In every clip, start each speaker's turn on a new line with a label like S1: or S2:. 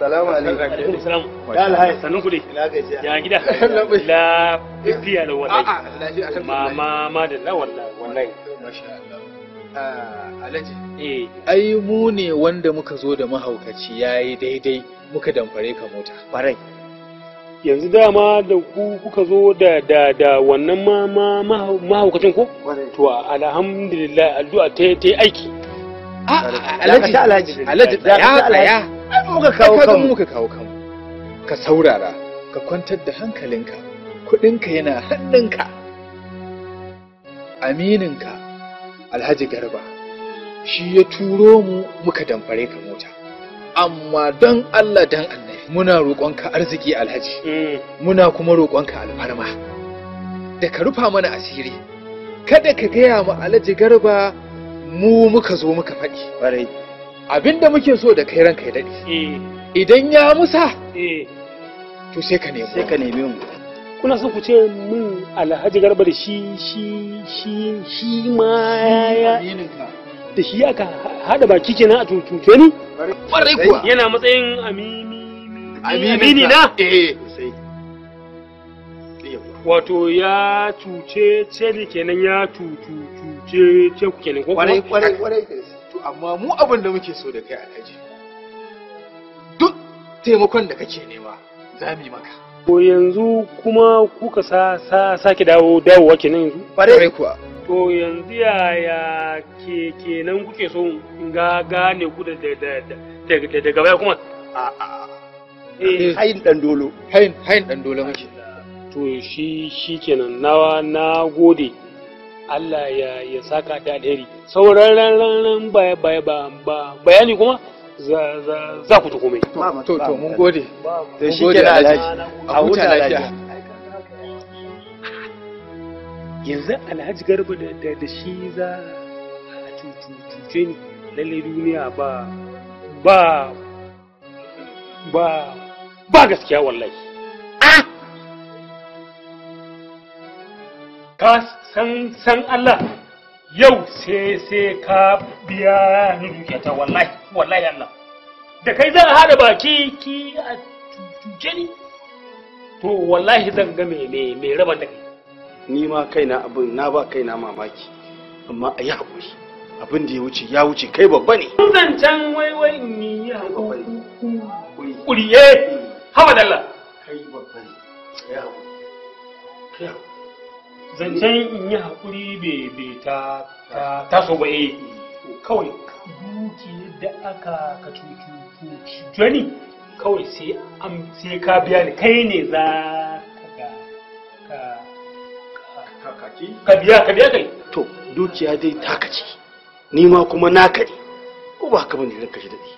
S1: Salamu alaikum. Salamu. Ya alhaji. Sannun kuɗi. Ya gida. La fiya da wallahi. Ma ma ma da la wallahi. Masha Allah. Ah, alhaji. Eh. Ai mu ne wanda muka zo da mahaukaci ya yi daidai muka damfare ka mota. Barai. yanzu dama da ku kuka zo da da da wannan ma ma mahaukacin ko to alhamdulillah addu'a ta ta aiki ah, a alhaji alhaji alhaji ya muka kawo kanmu kawo ka saurara ka kwantar da hankalinka kuɗinka yana hannunka amininka alhaji garba shi ya turo mu muka damfare ka mota amma don allah don annabi muna roƙonka arziki alhaji mm. muna kuma roƙonka alfarma da ka rufa mana asiri kada ka gaya mu alhaji garba mu muka zo muka faɗi abinda muke so da kai ranka ya daɗe eh. idan ya musa eh. to sai ka nemi sai ka nemi mu kuna so ku ce mun alhaji garba da shi shi shi shi ma ya da shi aka hada baki kenan a tutuce ni kwarai kuwa yana matsayin amini amini na eh wato ya cuce ce kenan ya tutuce ce kenan ko kwarai kwarai kwarai amma mu abin da muke so da kai alhaji duk taimakon da kake nema za mu yi maka to yanzu kuma kuka sa sa sake dawo wake kenan yanzu bare kuwa to yanzu yaya ke kenan kuke so in ga gane ku da da daga baya kuma a a eh. hayin dan dolo hayin hayin dan dolo muke to shi shi kenan na na gode Allah ya ya saka ta alheri sauran ran ba ba ba bayani kuma za za za ku ji komai to to mun gode sai shike kenan alhaji a huta lafiya yanzu alhaji garba da da shi za a cuce ni lalle duniya ba ba ba ba gaskiya wallahi ah ka san san Allah yau sai sai ka biya ni ta wallahi wallahi Allah da kai zan hada baki ki a tuje ni to wallahi zan ga me me me raba da kai ni ma kaina abin na ba kaina mamaki amma a yi haƙuri abin da ya wuce ya wuce kai babba ne wai waiwai in yi haƙuri ƙuriye hamadalla eh. kai babba ne kai haƙuri zancen in yi haƙuri bai ta taso ba eh kawai duki da aka ka cuci joni kawai sai ka biya ni kai ne za ka biya ka biya kai to dukiya dai taka ce ni ma kuma naka ne ko ba ka bane ranka shi daɗi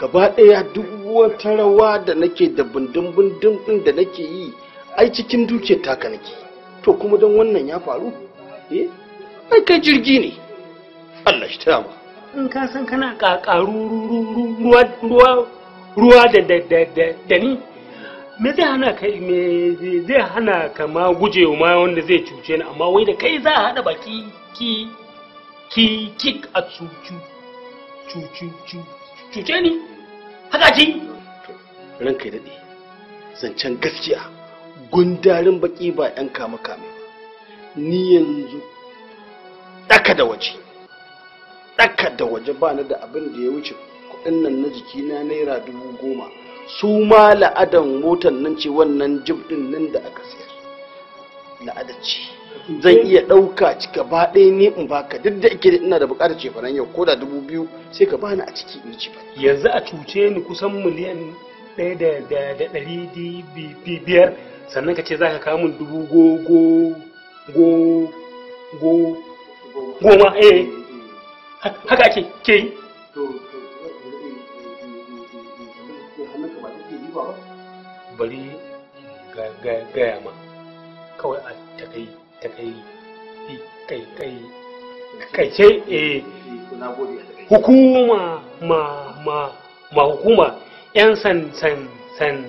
S1: gaba ɗaya duk wata rawa da nake da bindin bindin da nake yi ai cikin dukiyar taka nake to kuma don wannan ya faru eh ai kai jirgi ne Allah shi taya in ka san kana kakaru ruwa ruwa ruwa da da da da ni me zai hana kai me zai hana ka ma gujewa ma wanda zai cuce ni amma wai da kai za a hada baki ki ki ki a cucu cucu cuce ni haka ji ranka dade zancen gaskiya gundarin baki ba 'yan kame kame ni yanzu ɗaka da waje ɗaka da waje ba na da abin da ya wuce kuɗin nan na jiki na naira dubu goma su ma la'adan motar nan ce wannan jib ɗin nan da aka sayar la'ada ce zan iya ɗauka cika ba ɗaya ne in baka duk da ake ina da buƙatar ce faran yau ko da dubu biyu sai ka bani a ciki in ci yanzu a cuce ni kusan miliyan ɗaya da ɗari biyar sannan ka ce za ka kawo min dubu go go go go goma eh haka ake ke yi bari gaya ma kawai a takai takai kai kai kai ce eh hukuma ma ma ma hukuma yan san san san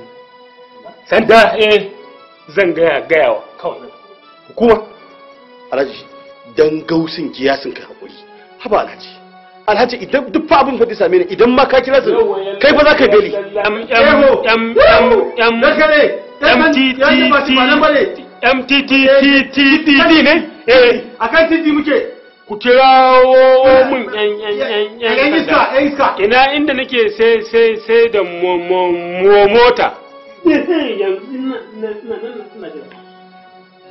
S1: san da eh zan gaya gaya wa kawai hukuma alhaji dan gausin sun kai hakuri haba alhaji alhaji idan duk fa abin fa same ni idan ma ka kira su kai fa za ka beli mtttttt ne A kan titi muke ku kirawo mun yan yan yan iska ina inda nake yan yan yan da mota yanzu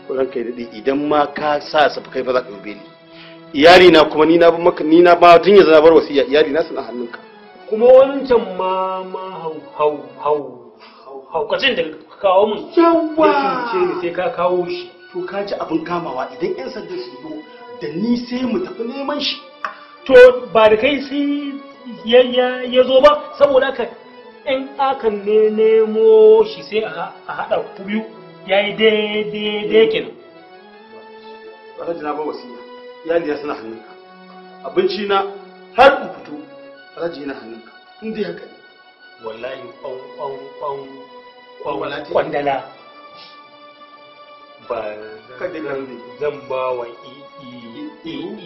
S1: na idan ma ka sa safi kai za ka yobe iyali na kuma ni na ba maka ni ba tun yanzu na bar wasiya iyali na suna hannunka kuma wancan ma ma hau hau hau haukacin da ka kawo mun yawa ce ni sai ka kawo shi to ka ji abin kamawa idan yan sanda su zo da ni sai mu tafi neman shi to ba da kai sai ya zo ba saboda ka in akan ne nemo shi sai a haɗa ku biyu ya yi daidai kenan. Wata jina ba wasiya, iyali ya suna hannunka. Abinci na har ku fito, wata jina hannunka. In dai haka ne. Wallahi kwan kwan kwan kwan kwandala. Ba zan ba wa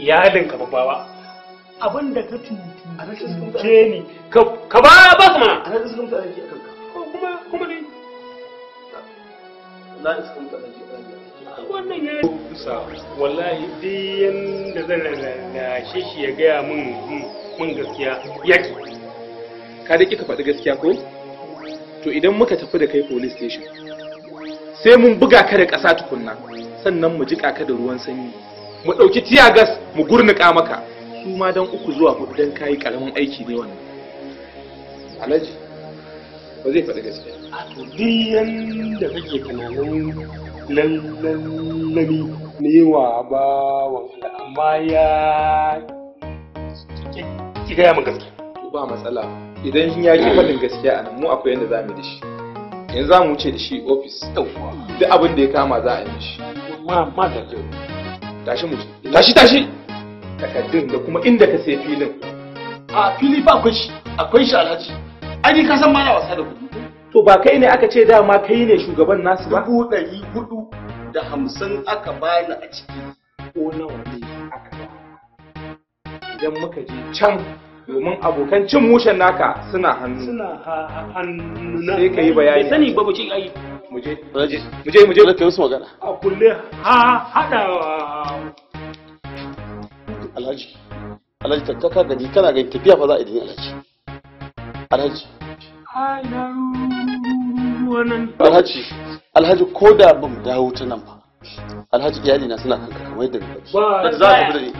S1: iyalinka babba ba. abin da ka tuce ni ka ba ba su mana a nan sun ta aiki kanka kuma kuma ne na sun ta aiki akan wannan ya kusa wallahi duk yanda zan lalashe shi ya gaya min mun gaskiya yaki ka da kika faɗi gaskiya ko to idan muka tafi da kai police station sai mun buga ka da ƙasa tukunna sannan mu jiƙa ka da ruwan sanyi mu ɗauki tiyagas mu gurnuka maka su ma don uku zuwa hudu don kayi karamin aiki ne wannan alhaji ba zai faɗi gaskiya a to duk da kake tunanin lallami ne wa ba wanda amma ya ki gaya min gaskiya ba matsala idan ya ki faɗin gaskiya a nan mu akwai yadda za mu da shi yanzu za mu wuce da shi ofis duk abin da ya kama za a yi shi ma ma da tashi mu tashi tashi takaddun da kuma inda ka sai filin a fili ba akwai shi akwai shi alhaji ai ka san mana wasa da kuɗi to ba kai ne aka ce dama kai ne shugaban nasu ba dubu ɗari hudu da hamsin aka bani a ciki ko nawa ne aka ba idan muka je can domin abokan cin mushen naka suna hannu suna hannu sai ka yi bayani sani ba mu ce ai mu je mu je mu je magana a kulle ha hada alhaji alhaji ka kaka gani kana gani tafiya fa za a yi alhaji alhaji alhaji alhaji ko da ban dawo ta nan ba alhaji iyali na suna kanka kamar yadda ba za a tafi da ni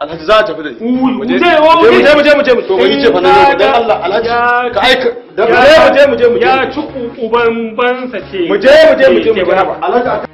S1: alhaji za a tafi da ni mu je mu je mu je mu to mu je fa dan Allah alhaji ka aika dan mu je mu je mu je ya ci uban bansa ce mu je mu je mu je mu je alhaji